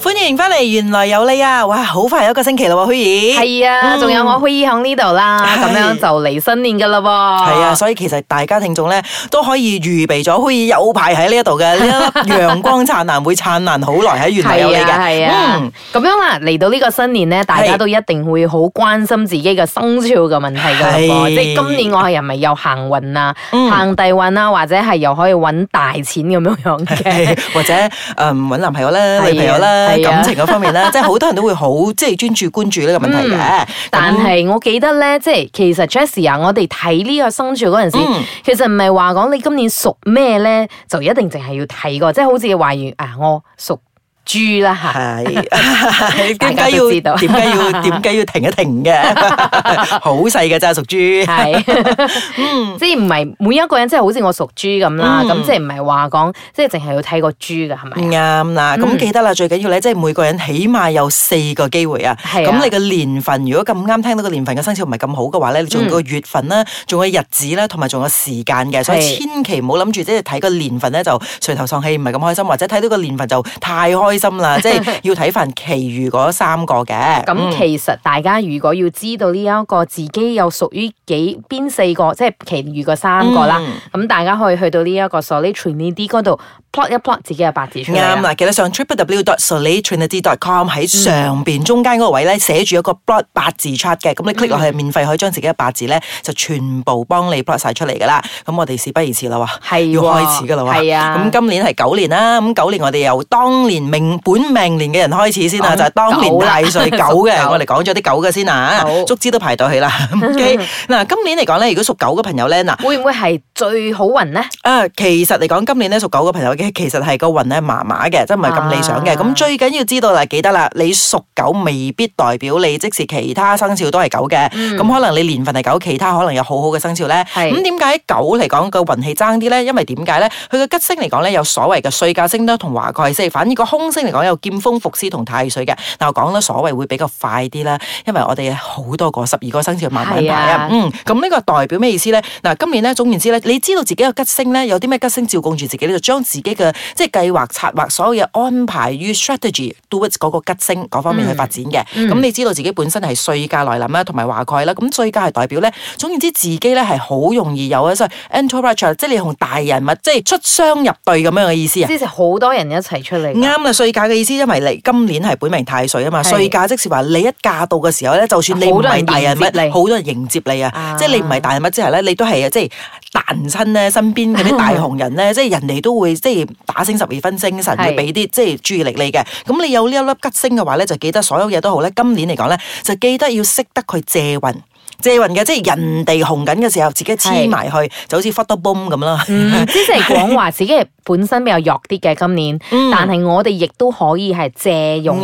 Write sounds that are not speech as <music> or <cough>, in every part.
歡迎翻嚟，玄來有理啊！哇，好快又一個星期啦，許兒。係啊，仲、嗯、有我許兒喺呢度啦，咁是樣就嚟新年噶啦喎。係啊，所以其實大家聽眾咧都可以預備咗，許兒有排喺呢一度嘅呢粒陽光燦爛，會燦爛好耐喺玄來有理嘅。係啊，係咁、啊嗯、樣啦、啊，嚟到呢個新年咧，大家都一定會好關心自己嘅生肖嘅問題噶。係是。即係今年我係咪又不是行運啊？嗯、行大運啊？或者係又可以搵大錢咁樣樣嘅、啊？或者誒搵、嗯、男朋友啦、啊、女朋友啦是啊、感情嗰方面咧，即係好多人都會好即係專注關注呢個問題嘅、嗯。但係我記得咧，即係就其實 Jesse 啊，我哋睇呢個生肖嗰陣時，其實唔係話講你今年屬咩咧，就一定淨係要睇個，即、就、係、是、好似話如啊，我屬。豬啦嚇，點解要點解要點解要停一停嘅？好細嘅咋，屬豬。係，嗯，即係唔係每一個人，即係好似我屬豬咁啦？咁即係唔係話講即係淨係要睇個豬㗎？係咪？啱啦，咁記得啦，最緊要咧，即係每個人起碼有四個機會啊。係，咁你個年份如果咁啱聽到個年份嘅生肖唔係咁好嘅話咧，你仲有個月份啦，仲有日子啦，同埋仲有時間嘅，所以千祈唔好諗住即係睇個年份咧就垂頭喪氣，唔係咁開心，或者睇到個年份就太開心啦， <laughs> 即係要睇返其餘嗰三個嘅。咁其實大家如果要知道呢一個自己有屬於幾邊四個，即係其餘嗰三個啦，咁、嗯、大家可以去到呢一個 s o l i d training 啲嗰度。plot 一 plot 自己嘅八字出嚟。啱啦，記得上 tripw.solitrinity.com 喺上邊中間嗰個位咧寫住一個 plot 八字出嘅，咁你 click 落去免費可以將自己嘅八字咧就全部幫你 plot 晒出嚟噶啦。咁我哋事不宜遲啦，哇，要開始噶啦，哇，咁今年係狗年啦，咁狗年我哋由當年命本命年嘅人開始先啊，就係當年大歲狗嘅，我哋講咗啲狗嘅先啊，足之都排到起啦。咁嗱，今年嚟講咧，如果屬狗嘅朋友咧，嗱，會唔會係最好運咧？啊，其實嚟講今年咧屬狗嘅朋友。其實係個運咧麻麻嘅，真係唔係咁理想嘅。咁、啊、最緊要知道啦，記得啦，你屬狗未必代表你即使其他生肖都係狗嘅。咁、嗯、可能你年份係狗，其他可能有好好嘅生肖咧。咁是、嗯、點解狗嚟講個運氣爭啲咧？因為點解咧？佢個吉星嚟講咧，有所謂嘅歲格星啦同華蓋星，反而個兇星嚟講有劍鋒伏屍同太歲嘅。嗱，講得所謂會比較快啲啦。因為我哋好多個十二個生肖慢慢排啊，咁呢是、啊嗯、個代表咩意思咧？嗱，今年咧，總言之咧，你知道自己個吉星咧，有啲咩吉星照顧住自己，你就將自己。嘅即係計劃策劃所有嘢安排於 strategy do 嗰個吉星、嗰、那個、方面去發展嘅。咁、嗯嗯、你知道自己本身係歲駕來臨啦，同埋華蓋啦。咁歲駕係代表咧，總言之自己咧係好容易有一出 entourage，即係你同大人物即係、就是、出雙入對咁樣嘅意思啊！即是好多人一齊出嚟。啱啦，歲駕嘅意思，因為你今年係本命太歲啊嘛。歲是駕即是話你一駕到嘅時候咧，就算你唔係大人物，很多人好多人迎接你啊！即係你唔係大人物之後咧，你都係即係誕親咧，身邊嗰啲大紅人咧， <laughs> 即係人哋都會即打醒十二分精神，去俾啲即係注意力你嘅。咁你有呢一粒吉星嘅話咧，就記得所有嘢都好咧。今年嚟講咧，就記得要識得去借運。借運嘅，即係人哋紅緊嘅時候，自己黐埋去，嗯、就好似 f 忽多 boom 咁啦。即係講話 <laughs> 是自己係本身比較弱啲嘅今年，嗯、但係我哋亦都可以係借用、嗯、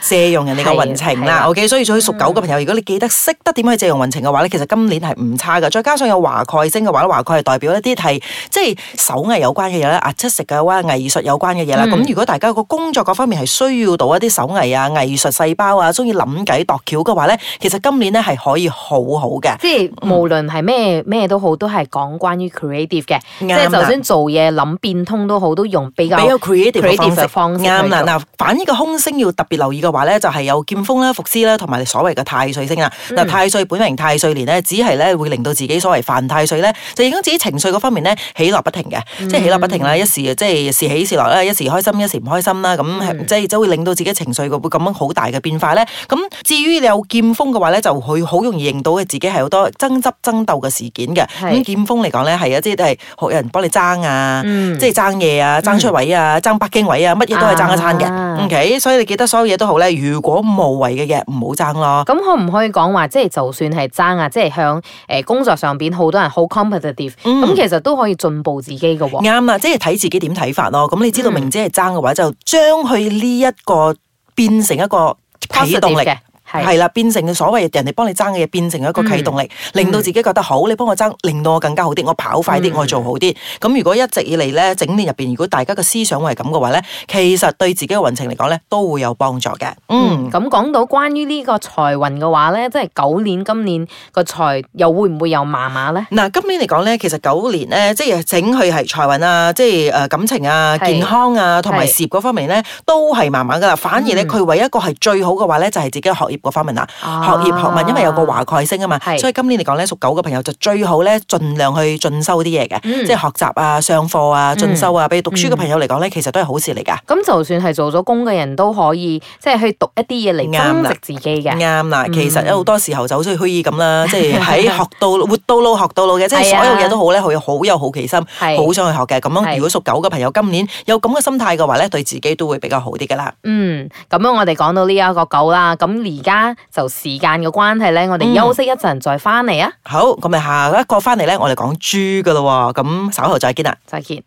借用人哋嘅運程啦。Okay? 所以所以屬狗嘅朋友，嗯、如果你記得識得點樣去借用運程嘅話咧，其實今年係唔差㗎。再加上有華蓋星嘅話咧，華蓋係代表一啲係即係手藝有關嘅嘢啦，牙漆食啊，或者、啊、藝術有關嘅嘢啦。咁、嗯啊、如果大家個工作各方面係需要到一啲手藝啊、藝術細胞啊，中意諗計度橋嘅話咧，其實今年咧係可以好。好好嘅，即係無論係咩咩都好，都係講關於 creative 嘅，即係就算做嘢諗變通都好，都用比較 creative 嘅方式。啱啦，嗱，反呢個空星要特別留意嘅話咧，就係有劍鋒啦、伏屍啦，同埋所謂嘅太歲星啦。嗱，太歲本名太歲年咧，只係咧會令到自己所謂犯太歲咧，就影響自己情緒嗰方面咧，起落不停嘅，即係起落不停啦，一時即係時起時落啦，一時開心一時唔開心啦，咁即係就會令到自己情緒嘅會咁樣好大嘅變化咧。咁至於你有劍鋒嘅話咧，就佢好容易認到，自己係好多爭執爭鬥嘅事件嘅。咁劍鋒嚟講咧，係啊，即係學人幫你爭啊，即係、嗯、爭嘢啊，爭出位啊，嗯、爭北京位啊，乜嘢都係爭一餐嘅。啊、o、okay? K，所以你記得所有嘢都好咧，如果無謂嘅嘢，唔好爭咯。咁可唔可以講話，即係就算係爭啊，即係向誒工作上邊好多人好 competitive，咁、嗯、其實都可以進步自己嘅。啱啊，即係睇自己點睇法咯。咁你知道明知係爭嘅話，嗯、就將佢呢一個變成一個啟動力。係啦，變成嘅所謂人哋幫你爭嘅嘢，變成一個啟動力，嗯嗯、令到自己覺得好。你幫我爭，令到我更加好啲，我跑快啲，嗯、我做好啲。咁如果一直以嚟咧，整年入面，如果大家嘅思想係咁嘅話咧，其實對自己嘅運程嚟講咧，都會有幫助嘅。嗯，咁講、嗯、到關於呢個財運嘅話咧，即係狗年今年個財又會唔會又麻麻咧？嗱，今年嚟講咧，其實狗年咧，即、就、係、是、整佢係財運啊，即、就、係、是、感情啊、是健康啊同埋事業嗰方面咧，是都係麻麻噶啦。反而咧，佢唯一一個係最好嘅話咧，就係、是、自己嘅學業各方面啦，學業學問，因為有個華蓋星啊嘛，啊所以今年嚟講咧，屬狗嘅朋友就最好咧，盡量去進修啲嘢嘅，嗯、即係學習啊、上課啊、進修啊，嗯、比如讀書嘅朋友嚟講咧，嗯、其實都係好事嚟噶。咁就算係做咗工嘅人都可以，即、就、係、是、去讀一啲嘢嚟充實自己嘅。啱啦，其實有好多時候就好似虛兒咁啦，即係喺學到活到老學到老嘅，即係所有嘢都好咧，好有好有好奇心，好是想去學嘅。咁樣如果屬狗嘅朋友今年有咁嘅心態嘅話咧，對自己都會比較好啲噶啦。嗯，咁樣我哋講到呢一個狗啦，咁而家。家就時間嘅關係呢，我哋休息一陣再返嚟啊！好，咁咪下一個返嚟呢，我哋講豬㗎咯，咁稍後再見啦，再見。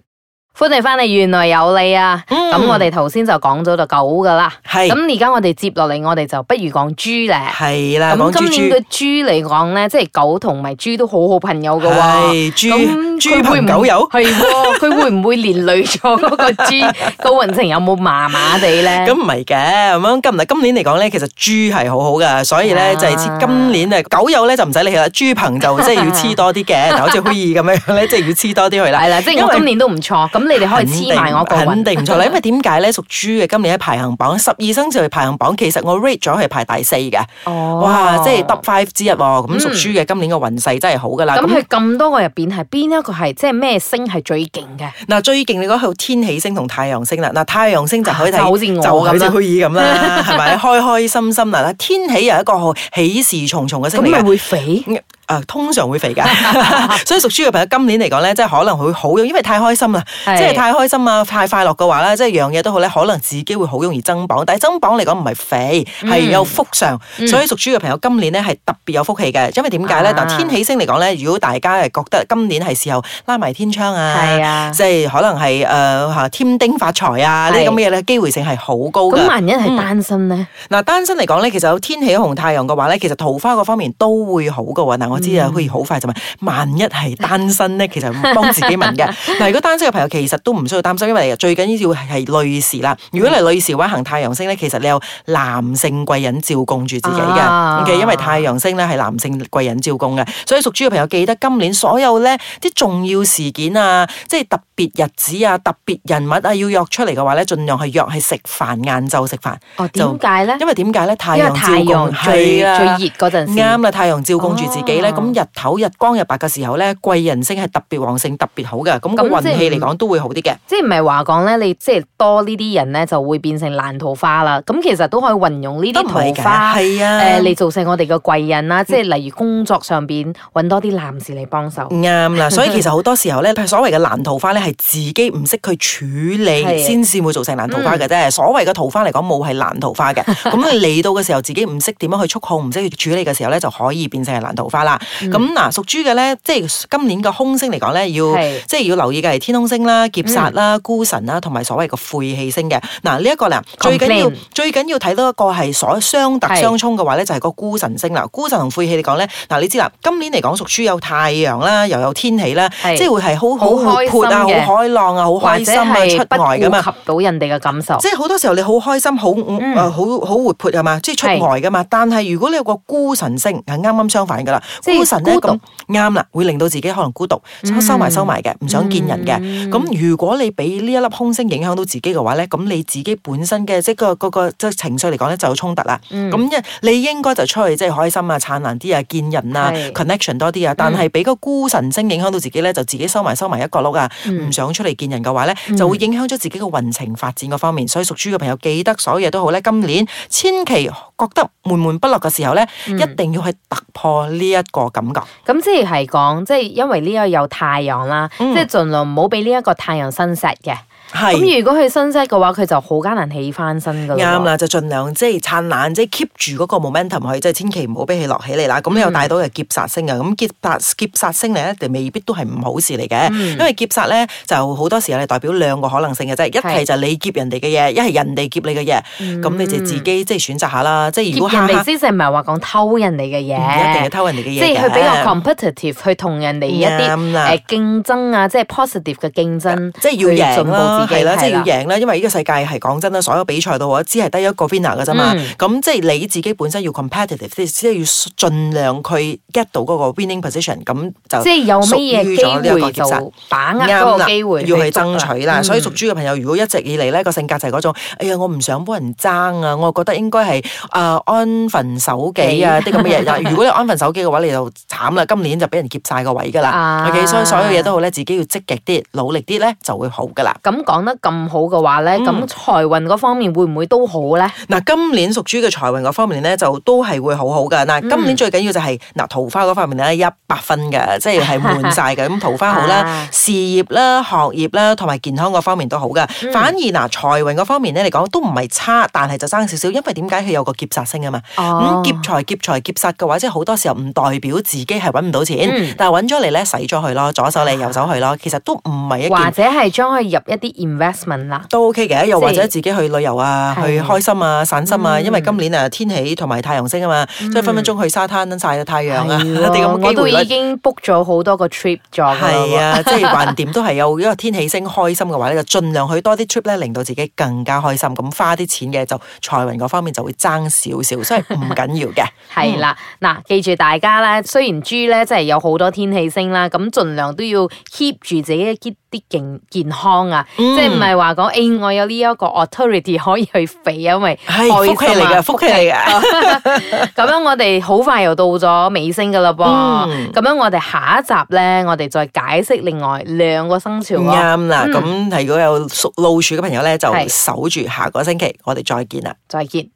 歡迎翻嚟，玄來有理啊！咁我哋頭先就講咗就狗噶啦，係咁而家我哋接落嚟，我哋就不如講豬咧，係啦。咁今年嘅豬嚟講咧，即係狗同埋豬都好好朋友嘅話，係豬豬朋狗友係喎，佢會唔會連累咗嗰個豬？個運程有冇麻麻地咧？咁唔係嘅，咁今唔係今年嚟講咧，其實豬係好好噶，所以咧就係似今年啊，狗友咧就唔使理啦，豬朋就即係要黐多啲嘅，好似灰二咁樣樣咧，即係要黐多啲佢啦。係啦，即係我今年都唔錯咁。咁你哋可以黐埋我個運，肯定唔錯啦。因為點解咧？屬豬嘅今年喺排行榜，十二生肖排行榜，其實我 rate 咗係排第四嘅。哦，oh。哇，即係得 five 之一喎。咁屬豬嘅、mm。今年嘅運勢真係好噶啦。咁佢咁多個入邊，係邊一個係即係咩星係最勁嘅？嗱，最勁你講到天喜星同太陽星啦。嗱，太陽星就可以討好我就好似我咁啦，係咪？ <laughs> 開開心心。嗱，天喜又一個喜事重重嘅星嚟肥？誒、呃，通常會肥噶， <laughs> <laughs> 所以屬豬嘅朋友今年嚟講咧，即係可能會好，因為太開心啦，是即係太開心啊，太快樂嘅話咧，即係樣嘢都好咧，可能自己會好容易增磅。但係增磅嚟講唔係肥，係有福相。嗯、所以屬豬嘅朋友今年咧係特別有福氣嘅，因為點解咧？啊、但天喜星嚟講咧，如果大家係覺得今年係時候拉埋天窗啊，是啊即係可能係誒吓添丁發財啊，呢啲咁嘅嘢咧機會性係好高噶。咁萬一係單身咧？嗱、嗯呃，單身嚟講咧，其實有天喜紅太陽嘅話咧，其實桃花嗰方面都會好噶。我知啊，可以好快就問。萬一係單身咧，其實幫自己問嘅。嗱，如果單身嘅朋友其實都唔需要擔心，因為最緊要係女士啦。如果係女士話行太陽星咧，其實你有男性貴人照顧住自己嘅。嘅，因為太陽星咧係男性貴人照顧嘅。所以屬豬嘅朋友記得今年所有咧啲重要事件啊，即係特別日子啊、特別人物啊，要約出嚟嘅話咧，儘量係約係食飯晏晝食飯。哦，點解咧？因為點解咧？太陽照顧最最熱嗰陣時。啱啦，太陽照顧住自己。咁日頭日光日白嘅時候咧，貴人星係特別旺盛、特別好嘅。咁運氣嚟講都會好啲嘅、嗯。即係唔係話講咧？你即係多呢啲人咧，就會變成爛桃花啦。咁其實都可以運用呢啲桃花係啊，誒嚟做成我哋嘅貴人啦。嗯、即係例如工作上邊揾多啲男士嚟幫手。啱啦，所以其實好多時候咧， <laughs> 所謂嘅爛桃花咧係自己唔識去處理，先至會造成爛桃花嘅啫。嗯、所謂嘅桃花嚟講冇係爛桃花嘅。咁你嚟到嘅時候，自己唔識點樣去束控，唔識去處理嘅時候咧，就可以變成係爛桃花啦。咁嗱，屬豬嘅咧，即係今年個凶星嚟講咧，要即係要留意嘅係天空星啦、劫煞啦、孤神啦，同埋所謂個晦氣星嘅。嗱，呢一個啦，最緊要最緊要睇到一個係所相突相沖嘅話咧，就係個孤神星啦。孤神同晦氣嚟講咧，嗱你知啦，今年嚟講屬豬有太陽啦，又有天氣啦，即係會係好好活潑啊，好開朗啊，好開心啊，出外噶嘛，合到人哋嘅感受。即係好多時候你好開心，好好好活潑啊嘛，即係出外噶嘛。但係如果你有個孤神星係啱啱相反噶啦。孤神咧，咁啱啦，會令到自己可能孤獨，收埋收埋嘅，唔想見人嘅。咁、嗯嗯嗯、如果你俾呢一粒空星影響到自己嘅話咧，咁你自己本身嘅即個個即係情緒嚟講咧就有衝突啦。咁一、嗯、你應該就出去，即係開心啊、燦爛啲啊、見人啊、是 connection 多啲啊。但係俾個孤神星影響到自己咧，就自己收埋收埋一角落啊，唔想出嚟見人嘅話咧，就會影響咗自己嘅運程發展嗰方面。所以屬豬嘅朋友記得，所有嘢都好咧，今年千祈。覺得悶悶不樂嘅時候咧，嗯、一定要去突破呢一個感覺。咁、嗯、即係講，即係因為呢個有太陽啦，嗯、即係盡量唔好俾呢一個太陽新晒嘅。咁，是如果佢新息嘅話，佢就好艱難起翻身噶啱啦，就盡量即係燦爛，即、就、係、是就是、keep 住嗰個 momentum 去，即、就、係、是、千祈唔好俾佢落起嚟啦。咁又帶到嘅劫殺星嘅，咁、嗯、劫殺劫殺星嚟一定未必都係唔好事嚟嘅。嗯、因為劫殺咧就好多時候係代表兩個可能性嘅，一就係一係就你劫人哋嘅嘢，一係人哋劫你嘅嘢。咁、嗯、你就自己即係選擇下啦。即係如果慳啲，就唔係話講偷人哋嘅嘢，一定係偷人哋嘅嘢。即係佢比較 competitive，去同人哋一啲誒競爭啊，即係 positive 嘅競爭，即、就、係、是啊就是、要贏咯。係啦，即係、就是、要贏啦，因為呢個世界係講真啦，所有比賽度啊，只係得一個 winner 噶啫嘛。咁、嗯、即係你自己本身要 competitive，即係要盡量去 get 到嗰個 winning position 個。咁就即係有咩嘢機會把握，了把握個機會，要去爭取啦。嗯、所以屬豬嘅朋友，如果一直以嚟呢個性格就係嗰種，哎呀，我唔想幫人爭啊，我覺得應該係啊安分守己啊啲咁嘅嘢。如果你安分守己嘅話，你就慘啦，今年就俾人劫晒個位噶啦。啊 Okay? 所以所有嘢都好咧，自己要積極啲，努力啲咧，就會好噶啦。嗯講得咁好嘅話咧，咁財運嗰方面會唔會都好咧？嗱、嗯，今年屬豬嘅財運嗰方面咧，就都係會好好噶。嗱，今年最緊要就係嗱桃花嗰方面咧一百分嘅，即係係滿晒嘅。咁 <laughs> 桃花好啦，啊、事業啦、學業啦同埋健康嗰方面都好噶。嗯、反而嗱財運嗰方面咧你講都唔係差，但係就爭少少，因為點解佢有個劫煞星啊嘛。咁劫財、劫財、劫煞嘅話，即係好多時候唔代表自己係搵唔到錢，嗯、但係搵咗嚟咧使咗去咯，左手嚟右手去咯，其實都唔係一件。或者係將佢入一啲。investment 啦，都 OK 嘅，又或者自己去旅遊啊，去開心啊、散心啊。因為今年啊，天氣同埋太陽星啊嘛，即係分分鐘去沙灘曬個太陽啊。我哋咁我都已經 book 咗好多個 trip 咗啦。係啊，即係橫掂都係有，因為天氣升，開心嘅話咧，就儘量去多啲 trip 咧，令到自己更加開心。咁花啲錢嘅就財運嗰方面就會爭少少，所以唔緊要嘅。係啦，嗱，記住大家咧，雖然豬咧即係有好多天氣升啦，咁儘量都要 keep 住自己一啲啲健康啊。嗯、即係唔係話講，誒，我有呢一個 authority 可以去肥啊，因為係福氣嚟嘅，福氣嚟嘅。咁 <laughs> <laughs> 樣我哋好快又到咗尾聲噶啦噃。咁、嗯、樣我哋下一集咧，我哋再解釋另外兩個生肖。啱啦，咁如果有屬老鼠嘅朋友咧，嗯、就守住下個星期，我哋再見啦。再見。